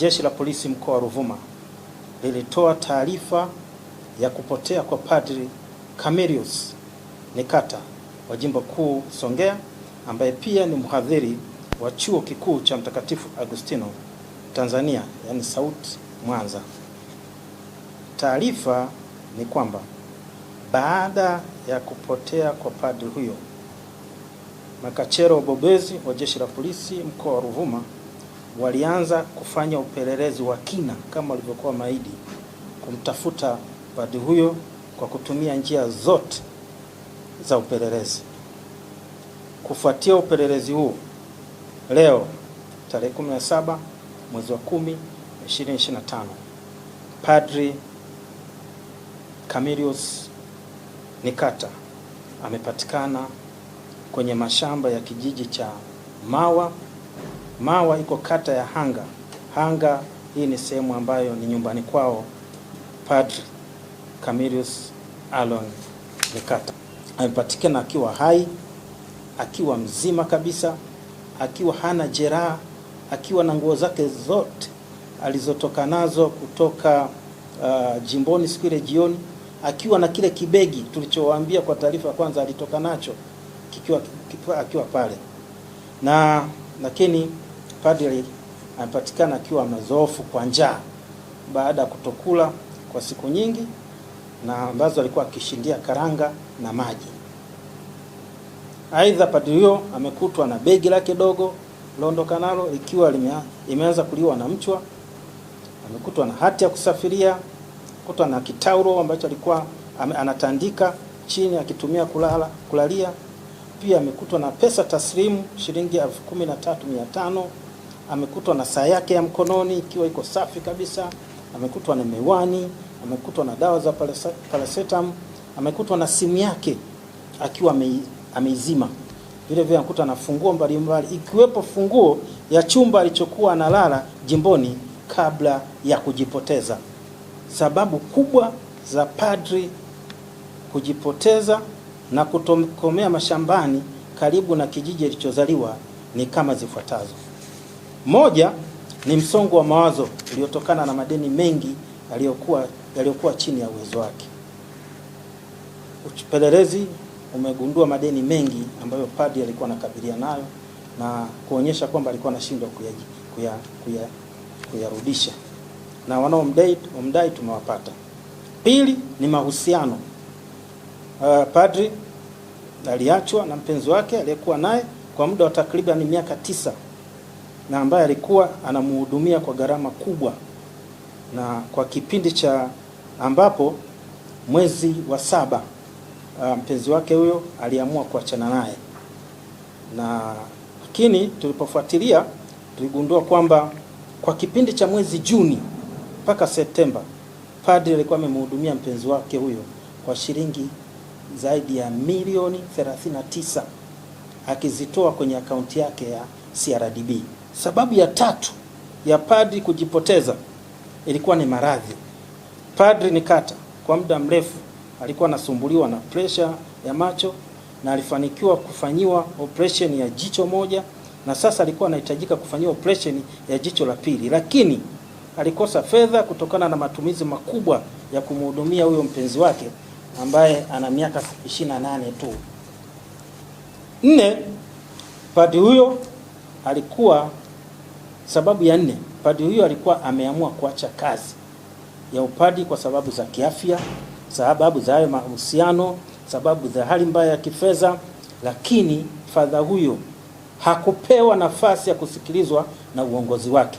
Jeshi la Polisi mkoa wa Ruvuma lilitoa taarifa ya kupotea kwa Padri Camillus Nikata wa Jimbo Kuu Songea, ambaye pia ni mhadhiri wa Chuo Kikuu cha Mtakatifu Agustino Tanzania, yani SAUTI Mwanza. Taarifa ni kwamba baada ya kupotea kwa padri huyo, makachero wabobezi wa Jeshi la Polisi mkoa wa Ruvuma walianza kufanya upelelezi wa kina kama walivyokuwa maidi kumtafuta padri huyo kwa kutumia njia zote za upelelezi. Kufuatia upelelezi huu, leo tarehe 17 mwezi wa 10 2025, Padri Camillus Nikata amepatikana kwenye mashamba ya kijiji cha Mawa Mawa iko kata ya Hanga. Hanga hii ni sehemu ambayo ni nyumbani kwao Padre Camillus Alon Nikata. Amepatikana akiwa hai, akiwa mzima kabisa, akiwa hana jeraha, akiwa na nguo zake zote alizotoka nazo kutoka uh, jimboni siku ile jioni, akiwa na kile kibegi tulichowaambia kwa taarifa ya kwanza alitoka nacho kikiwa, kikiwa, akiwa pale na lakini Padri amepatikana akiwa amezoofu kwa njaa baada ya kutokula kwa siku nyingi, na ambazo alikuwa akishindia karanga na maji. Aidha, padri huyo amekutwa na begi lake dogo liondoka nalo ikiwa limeanza kuliwa na mchwa. Amekutwa na hati ya kusafiria, kutwa na kitauro ambacho alikuwa anatandika chini akitumia kulala, kulalia. Pia amekutwa na pesa taslimu shilingi elfu kumi na tatu mia tano amekutwa na saa yake ya mkononi ikiwa iko safi kabisa, amekutwa na miwani, amekutwa na dawa za paracetam, amekutwa na simu yake akiwa ameizima. Vile vile amekuta na funguo mbalimbali ikiwepo funguo ya chumba alichokuwa analala jimboni kabla ya kujipoteza. Sababu kubwa za padri kujipoteza na kutokomea mashambani karibu na kijiji alichozaliwa ni kama zifuatazo. Moja ni msongo wa mawazo uliotokana na madeni mengi yaliyokuwa yaliyokuwa chini ya uwezo wake. Upelelezi umegundua madeni mengi ambayo padri alikuwa anakabilia nayo na kuonyesha kwamba alikuwa anashindwa kuyarudisha, na wanaomdai omdai tumewapata. Pili ni mahusiano. Uh, padri aliachwa na mpenzi wake aliyekuwa naye kwa muda wa takriban miaka tisa na ambaye alikuwa anamhudumia kwa gharama kubwa, na kwa kipindi cha ambapo mwezi wa saba uh, mpenzi wake huyo aliamua kuachana naye, na lakini tulipofuatilia tuligundua kwamba kwa kipindi cha mwezi Juni mpaka Septemba padri alikuwa amemhudumia mpenzi wake huyo kwa shilingi zaidi ya milioni 39 akizitoa kwenye akaunti yake ya CRDB. Sababu ya tatu ya padri kujipoteza ilikuwa ni maradhi. Padri Nikata kwa muda mrefu alikuwa anasumbuliwa na presha ya macho na alifanikiwa kufanyiwa operation ya jicho moja, na sasa alikuwa anahitajika kufanyiwa operation ya jicho la pili, lakini alikosa fedha kutokana na matumizi makubwa ya kumhudumia huyo mpenzi wake ambaye ana miaka 28 tu. Nne, padri huyo alikuwa Sababu ya nne, padri huyo alikuwa ameamua kuacha kazi ya upadi kwa sababu za kiafya, sababu za hayo mahusiano, sababu za hali mbaya ya kifedha. Lakini fadha huyo hakupewa nafasi ya kusikilizwa na uongozi wake.